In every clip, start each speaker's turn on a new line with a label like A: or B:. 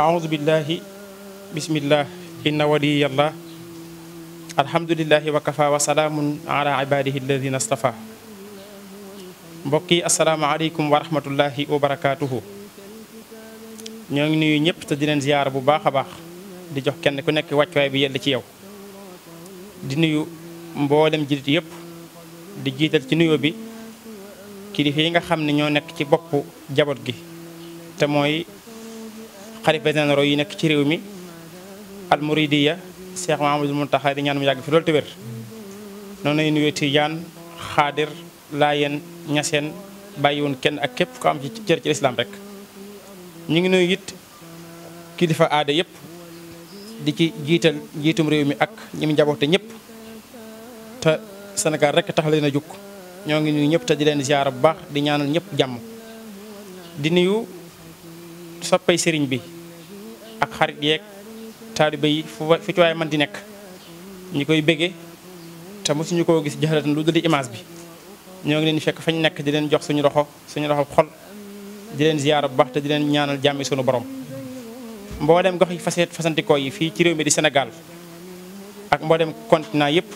A: أعوذ بالله بسم الله إن ولي الله الحمد لله وكفى وسلام على عباده الذين اصطفى بقي السلام عليكم ورحمة الله وبركاته نيو نيب تا دينن زيار بو باخا باخ دي جوخ كين كو نيك واتواي بي يالا تي ياو دي نيو مبولم جيت ييب دي جيتال تي نيو بي كي دي فيغا خامني نيو نيك تي بوبو جابوت جي تا موي xalifa généraux yi nekk ci réew mi al muridiya Cheikh Mahamadul Muntaxa di ñaan mu yàgg fi loolu te wér noonu lay nuyoo Tijaan xaadir Laayeen Ñaseen bàyyiwun kenn ak képp ko am ci cër ci lislaam rek ñu ngi nuyu it kilifa aada yëpp di ci jiital jiitum réew mi ak ñi mu njaboote ñëpp te senegal rekk tax leen a jukk ñoo ngi nuyu ñëpp te di leen ziyaara bu baax di ñaanal ñëpp jàmm di nuyu soppay sëriñ bi ak xarit yeeg taalibe yi fu ci waaye man di nekk ñi koy bége te mosuñu koo gis jaxalatan lu dul image bi ñoo ngi leen di fekk fañ nekk di leen jox suñu loxo suñu loxo xol di leen ziyaara bu baax te di leen ñaanal jàmmi suñu borom mboolem gox yi fase fasantikoo yi fii ci réew mi di senegal ak mboolem continent yëpp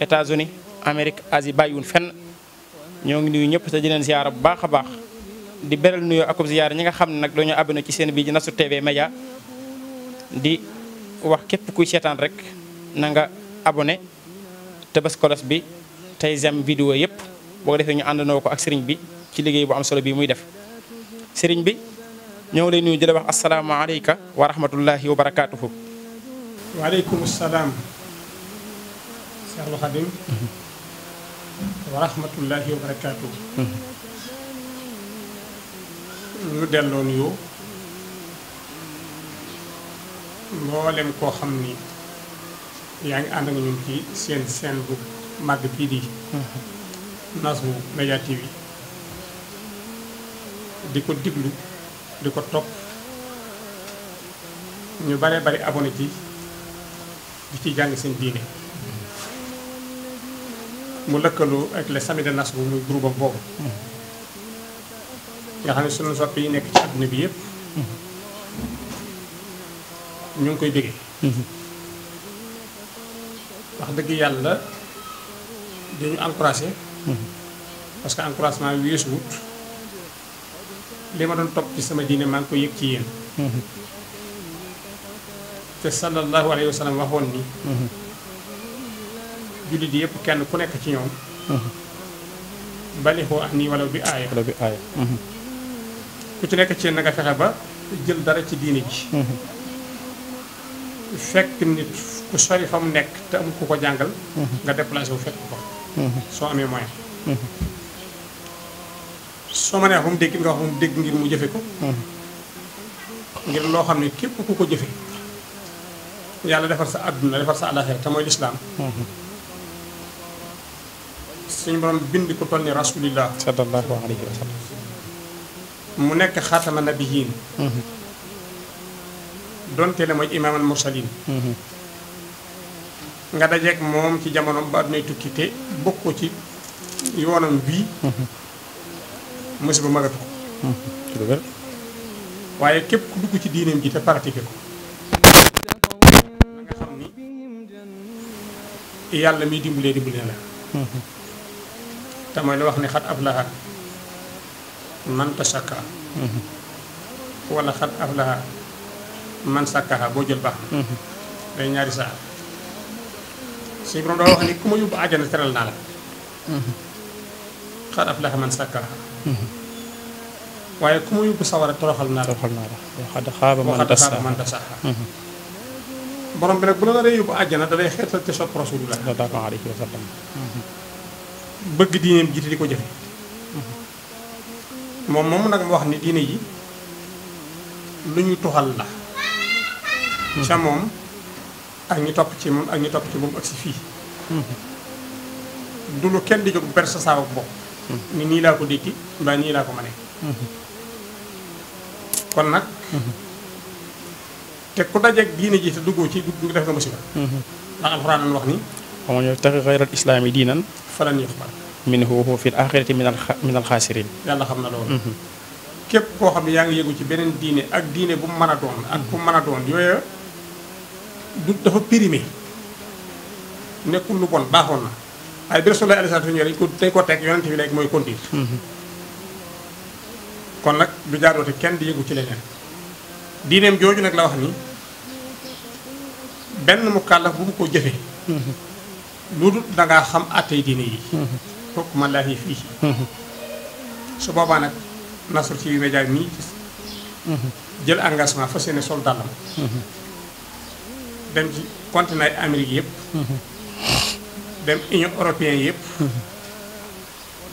A: États-Unis Amérique Asie bàyyiwun fenn ñoo ngi nuyu ñëpp te di leen ziyaara bu baax a baax di beral nuyoo akub ziyar ñi nga xamni nak nag dañoo abonné ci seen bi di nasu TV media di wax képp kuy seetaan rek na nga abonné te bés kolos bi tay jam vidéo yëpp bo defé ñu and ko ak sëriñ bi ci liggéey bu am solo bi muy def sëriñ bi ñoo lay nuyu di la wax alayka wa rahmatullahi wa barakaatuhu.
B: waaleykum khadim mhm. wa rahmatullahi wa barakatuh mhm. ñu delloo nuyoo mboolem koo xam ni yaa ngi ànd ak ñun ci seen seen bu màgg bii di Nasrou Média TV di ko diglu di ko topp ñu bare bari abonné ci di ci jàng seen diine mu lëkkaloo ak les Amis de Nasrou muy groupe boobu nga xam ne sunu sopp yi nekk ci àdduna bi yëpp mhm. ñu ngi koy déggee mhm. wax dëgg yàlla dañu encouragé mhm. parce que encouragement weesu wut li ma doon topp ci sama diine maa ngi koy yëg ci yéen te sallallahu alayhi waxoon ni jullit yëpp kenn ku nekk ci ñoom balixoo ak nii wala bi aaya wala bi aaya ku ci nekk ci na nga fexe ba jël dara ci diini ji mhm. fekk nit ku sori fa mu nekk te amul ku ko jàngal mhm. nga déplacé wu fekk ko mhm. soo amee moyen soo ma nee fa mu dégg nga wax mu dégg ngir mu jëfe ko ngir loo xam ne képp ku ko jëfe yàlla defar sa àdduna defar sa àllaxira te mooy lislaam suñu borom bind ko toll ni rasulillah sallallahu alayhi wa sallam mu nekk xaatama nabiyiin donte la mooy imaamal mursaliin nga dajeek moom ci jamono ba adunay tukki te bokk ci yoonam bii musiba magatu ko waaye képp dugg ci diineem ji te pratiqué ko nga xam ni yàlla miy dimbalee dimbali na la te mooy la wax ne xat ab laha man tasakka wala xat aflaha man sakkaha boo jël baax na day ñaari saar suñu borom doo wax ni ku ma yóbbu àjjana teral naa la xat aflaha man sakkaha waaye ku ma yóbbu naa la toroxal naa la man dasaaha borom bi nag bu la naree yóbbu àjjana da lay xeetal ci sopp rasulullah sallallahu alayhi bëgg diineem jiite di ko jëfe mom mom nak wax ni diine ji luñu tuhal la ca mom ak ñi top ci mom ak ñi top ci mom ak ci fi du lu kenn di jog ber sa ak bok ni ni la ko dikki ba ni la ko mënee kon nak te ku dajeeg diine ji te duggoo ci dugg def na musiba ndax alxuraan wax ni
A: wa man yabtaghi ghayra al-islaami falan yuqbal minhu huwa fil axirati minal minal xaasiriin
B: yàlla xam na loolu. Mhm. képp koo xam ne yaa ngi yëngu ci beneen diine ak diine bu mu mën a doon ak bu mu mën a doon yooya du dafa périmé nekkul lu bon baaxoon na waaye bi Rasulullah alayhi salaatu dañ ko dañ ko teg yonent bi léegi mooy conduire. Mhm. kon nag du jaadoote kenn di yëngu ci leneen. diineem jooju nag la wax ni benn mu kàllaf bu mu ko jëfee. Mhm. lu dul da xam àttey diine yi. hukmullahi fihi su baba nak nasr ci média mii gis jël engagement fas soldat sol dem ci continent amerique yep yëpp dem union européen yëpp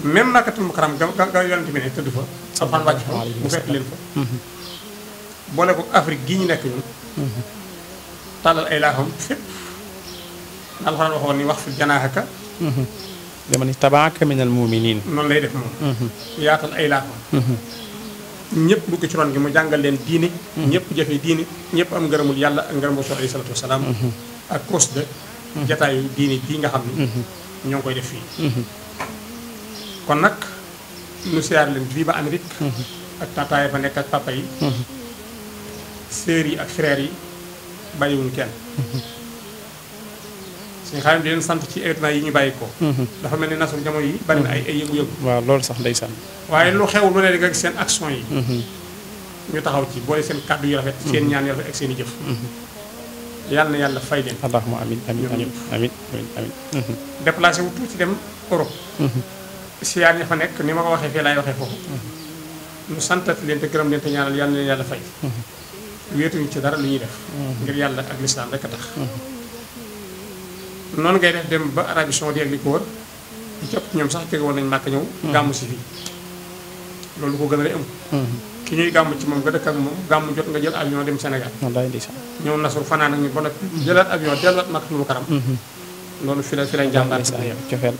B: même makkatul mukaram ga ga yonent bi ne tëdd fa sa fan wacc fa mu fekk len fa boole ko Afrique gi ñu nekk ñun talal ay laaxam fep alxuraan waxoon ni wax fi janaaka
A: dama ni tabaaka minal muuminiin noonu lay def moom mhm.
B: yaatal ay laafam mhm. ñëpp dugg ci ron gi mu jàngal leen diine mhm. ñëpp jëfe diine ñëpp am ngërëmul yàlla ak ngërëm rasul alayhi salaatu ak cause de jataayu diine bii nga xam ne ñoo ngi koy def fii kon nag nu siyaar leen fii ba Amérique ak tataay fa nekk ak papa yi sœurs yi ak frères yi bàyyiwuñ kenn suñu xaalim di leen sant ci événement yi ñu bàyyi ko mhm. dafa mel ni nasum jamono yi bari na ay ay yëngu-yëngu waaw loolu sax ndeysaan waaye lu xew lu ne rek seen action yi mhm. ñu taxaw ci boole seen kàddu yu rafet seen mhm. ñaan yu rafet ak seen i jëf yàlla na yàlla fay leen allahumma amin amin amin
A: amin amin
B: déplacé nekk ni ma ko waxee fii laay waxee foofu ñu santati leen te gërëm leen te ñaanal yàlla na leen yàlla fay wéetuñu ci dara lu ñuy def ngir yàlla ak lislaam rek a tax non ngay def dem ba Arabie Saoudite ak li ko ci ëpp ñoom sax jóge won nañ màkk ñew hmm. gàmm ci fi lolu ko gëna a lay am hmm. ki ñuy gàmm ci mom nga dekk ak mom gàmm jot nga jël avion dem senegal Sénégal ñew nasur fanan ak ñu bon noppi jëlaat avion delat màkk ñu karam hmm. lolu fi la fi la ci cofeel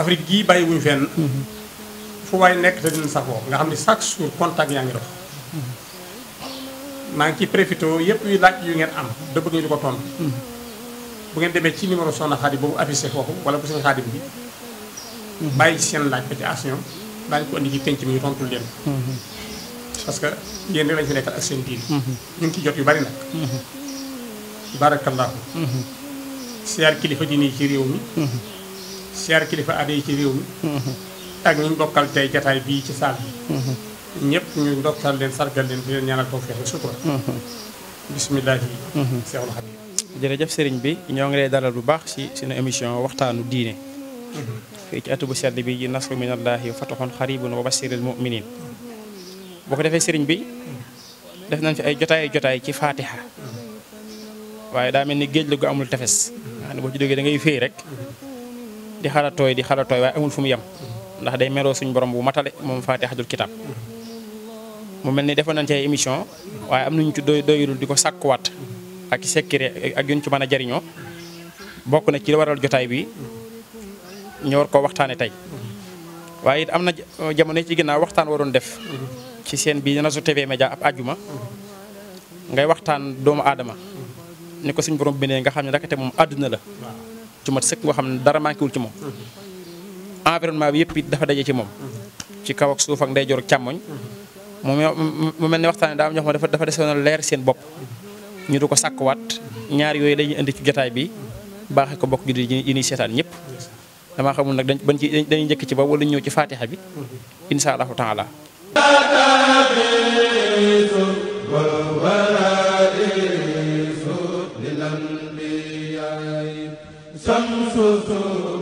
B: Afrique gi bayyi wuñu fenn fu waay nekk te dina safoo nga xamni ne chaque jour contact ya ngi dox ma ngi ci profité yëpp yu laaj yu ngeen am da bëgg ñu ko tontu bu ngeen demee ci numéro soxna Xaadim boobu affiché foofu wala bu seen Xaadim bi bàyyi ci seen laaj ba ci as ñoom daañu ko indi ci penc mi ñu tontu leen parce que yéen rek lañu fi nekkal ak seen ñu ngi ci jot yu bari nag barakallahu siyaar kilifa diine yi ci réew mi siyaar kilifa aada yi ci réew mi ak ñu bokkal tey jataay bii ci saal bi ñëpp ñu ndoktal
A: leen sargal leen di leen ñaanal tawfeex sutura bismillaahi jërëjëf sëriñ bi ñoo ngi lay dalal bu baax ci suñu émission waxtaanu diine fii ci atu bu sedd bi ji nasru minallahi wa fatahun xaribun wa basiril muminin boo ko defee sëriñ bi def nañ fi ay jotaay jotaay ci faatiha waaye daa mel ni géej la gu amul tefes nga xam ne boo ci dógee da ngay féey rek di xala tooy di xala tooy waaye amul fu mu yem ndax day meroo suñ borom bu matale moom faatihatul kitab mu mel ni defoon nañ ci ay émission waaye am nañu ci doy doyulul di ko sàkkuwaat ak secret ak yuñ ci mën a jariñoo bokk na ci waral jotaay bi ñu war koo waxtaane tey waaye it am na jamono ci ginnaaw waxtaan waroon def ci seen bi Nasrou TV Média ab ajuma ngay waxtaan doomu adama ni ko suñ borom bindee nga xam ne ndakate moom àdduna la ci mat sëkk nga xam ne dara manquéwul ci moom environnement bi yëpp it dafa daje ci moom ci kaw ak suuf ak ndeyjoor ak càmmoñ mu mel ni waxtaane daa am ñoo xam ne dafa dafa desoon leer seen bopp ñu du ko sàkkuwaat ñaar yooyu dañuy indi ci jotaay bi baaxee ko bokk jullit yi ñuy seetaan ñëpp damaa xamul nag dañ ban ci dañuy njëkk ci ba wala ñëw ci fatiha bi insha allahu taala